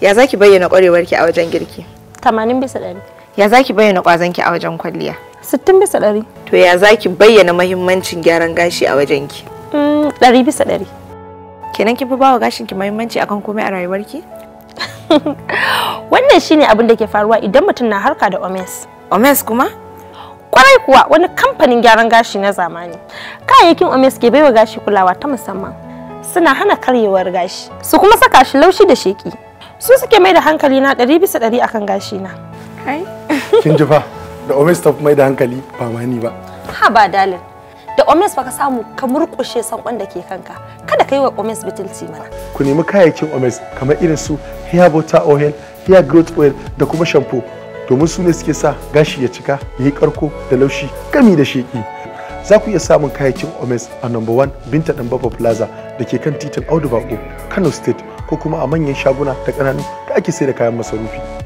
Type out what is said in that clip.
Ya zaki bayyana ƙwarewarki a wajen girki? 80 bisa 100. Ya zaki bayyana kwazanki a wajen kwalliya? 60 bisa 100. To ya zaki bayyana mahimmancin gyaran gashi a wajenki? ki? Mm, 100 bisa 100. Kenan kin fi wa gashinki mahimmanci akan komai a rayuwarki? Wannan shine abin da ke faruwa idan mutum na harka da Omes. Omes kuma? Kwarai kuwa wani kamfanin gyaran gashi na zamani. Kayayyakin Omes ke baiwa gashi kulawa ta musamman. Suna hana karyewar gashi, su kuma saka shi laushi da sheki. su suke mai da hankali na ɗari bisa ɗari akan gashi na kai kin ji fa da omis ta mai da hankali ba ma ni ba ha ba dalil da omis baka samu ka murƙushe sankon da ke kanka kada ka yi wa omis bitilci mana ku nemi kayayyakin omes kamar irin su hair butter oil hair growth oil da kuma shampoo domin su ne suke sa gashi ya cika ya yi karko da laushi gami da sheƙi za ku iya samun kayayyakin omes a number 1 binta dan plaza da ke kan titin audu bako kano state ko kuma a manyan shaguna ta ƙananu da ake sai da kayan masarufi.